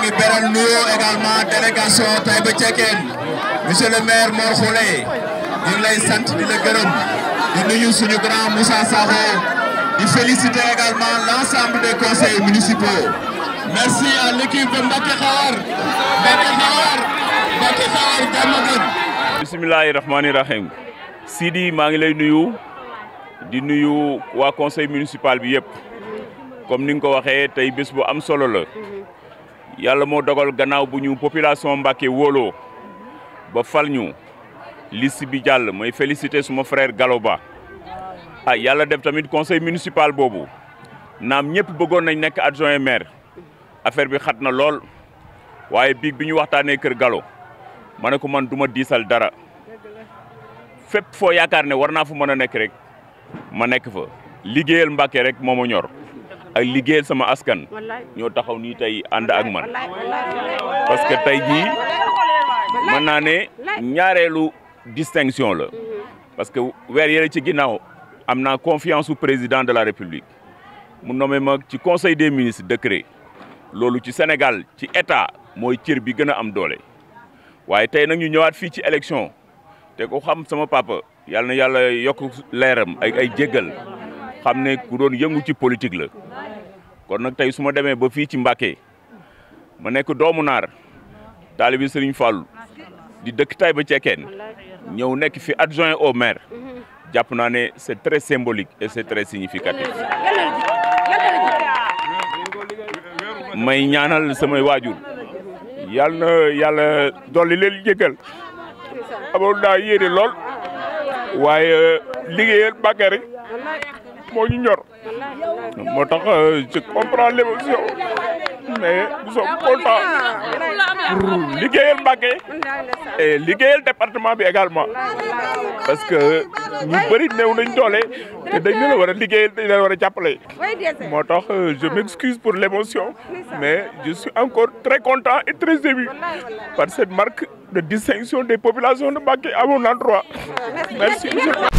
ngi beral nuyoo également délégation Taïba Cekkeen monsieur le maire Mor lay sant di la gërëm di nuyu suñu grand Moussa Sakho di féliciter également l'ensemble des conseils municipaux. merci à l'équipe de Mbacké Xawar Mbacké Xawar Mbacké Xawar Diamaguène. bisimilahi rahmaani maa ngi lay nuyu di nuyu waa conseil municipal bi yëpp comme ni nga ko waxee tey bés bu am solo la. yàlla moo dogal gannaaw bu ñu population Mbacké wóoloo ba fal ñu list bi jàll mooy félicité suma frère Gallo Ba ah yàlla def tamit conseil municipal boobu naam ñëpp bëggoon nañ nekk adjoint maire affaire bi xat na lool waaye biig bi ñu waxtaanee kër galo ma ne ko man duma diisal dara fépp foo yaakaar ne war naa fa mën a nekk rek ma nekk fa liggéeyal Mbacké rek moo ma ay liggéeyal sama askan ñoo taxaw nii tey ànd ak man parce que tey jii mën naa ne ñaareelu distinction la mm-hmm. parce que weer yële ci ginnaaw am naa confiance su président de la république mu nommé ma ci conseil des ministres décret loolu ci Sénégal ci état mooy cir bi gën a am doole waaye tey nag ñu ñëwaat fii ci élection te ko xam sama papa yàlla na yàlla yokk leeram ay ay jéggal xam ne ku doon yëngu ci politique la kon nag tey su ma demee ba fii ci Mbacke ma nekk doomu naar taalibi Serigne Fallou di dëkk tay Taïba Cekkeen ñëw nekk fi adjoint au maire jàpp naa ne c' est très symbolique et c' est très significatif may ñaanal samay waajur yàlla na yàlla dolli leen jëkkal amoon naa lool waaye liggéeyal Mbacke moo ñu ñor moo tax euh, je comprends l'émotion mais nous sommes contents pour liggéeyal Mbacké et liggéeyal département bi également parce que ñu bëri néew nañ doole te dañ leen a war a liggéeyal dañ leen war a jàppale moo tax euh, je m'excuse pour l'émotion mais je suis encore très content et très ému par cette marque de distinction des populations de Mbacké à mon endroit